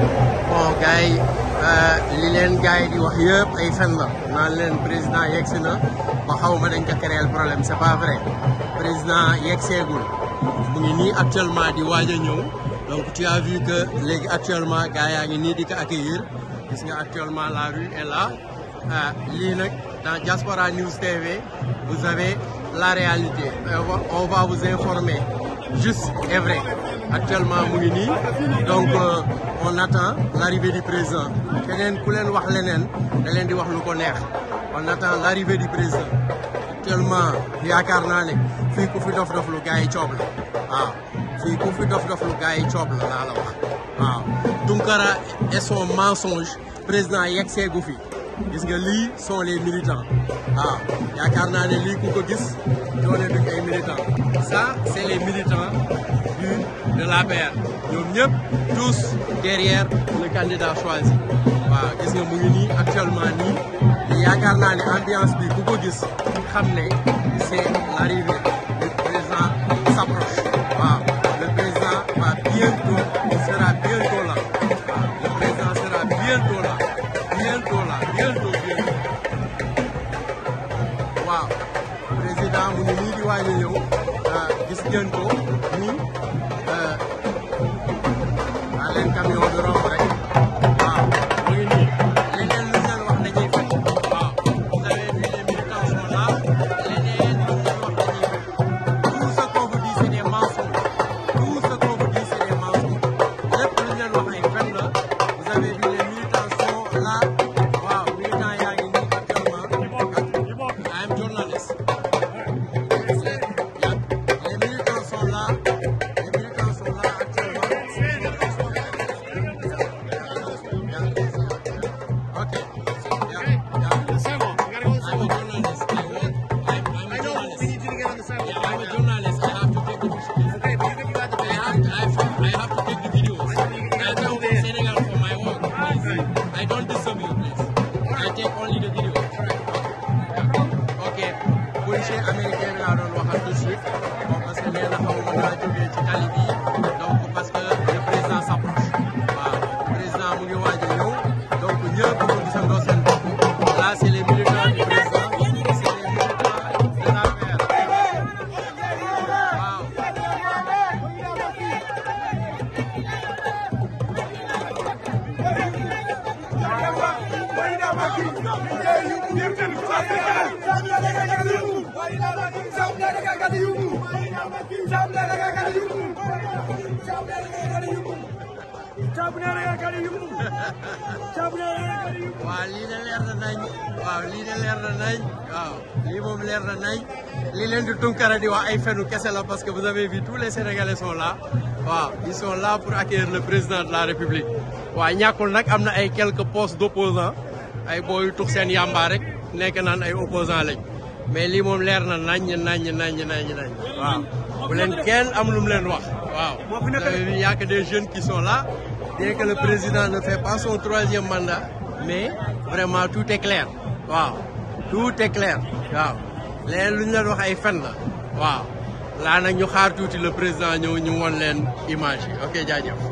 bon gars yi euh, li gars yi di wax yëpp ay fen la naan président yegsi na ba xaw ma dañ ko créer problème c'est pas vrai président yegseegul mu ngi nii actuellement di waaj a ñëw donc tu as vu que léegi actuellement gars yaa ngi nii di ko accueillir gis nga actuellement la rue est là euh, lii nag dans Diaspora News TV vous avez la réalité on va vous informer juste et vrai. Actuellement, Mougini, donc euh, on attend l'arrivée du président. On attend l'arrivée du président. Actuellement, il y a Karnane, il fi dof dof lu gars yi coob la waaw fii ku fi dof dof lu gars la la wax son mensonge président yegg seegu gis nga sont les militants Ah, il y a ku ko gis militants ça c'est les militants du de paix ñom ñep tous derrière le candidat choisi wa gis nga mu ngi ni actuellement ni te a naa ambiance bi ku ko c'est l'arrivée du président s'approche le président va bientôt sera bientôt là le président sera bientôt là waaw président mu ngi nii di waaj a ah, ñëw gis listen. parce que vous avez vu tous les Sénégalais sont là ils sont là pour accueillir le président de la République Il y quelques postes d'opposants ay boy tux sen yamba rek nek nan ay opposant lañ mais li mom leer na nañ nañ nañ nañ nañ waaw bu len kenn am lu len wax waaw il y a que des jeunes qui sont là bien que le président ne fait pas son troisième mandat mais vraiment tout est clair waaw tout est clair waaw leen luñ ñu leen wax ay fen la waaw laa nag ñu xaar tuuti le président ñëw ñu won leen image yi ok jaajëf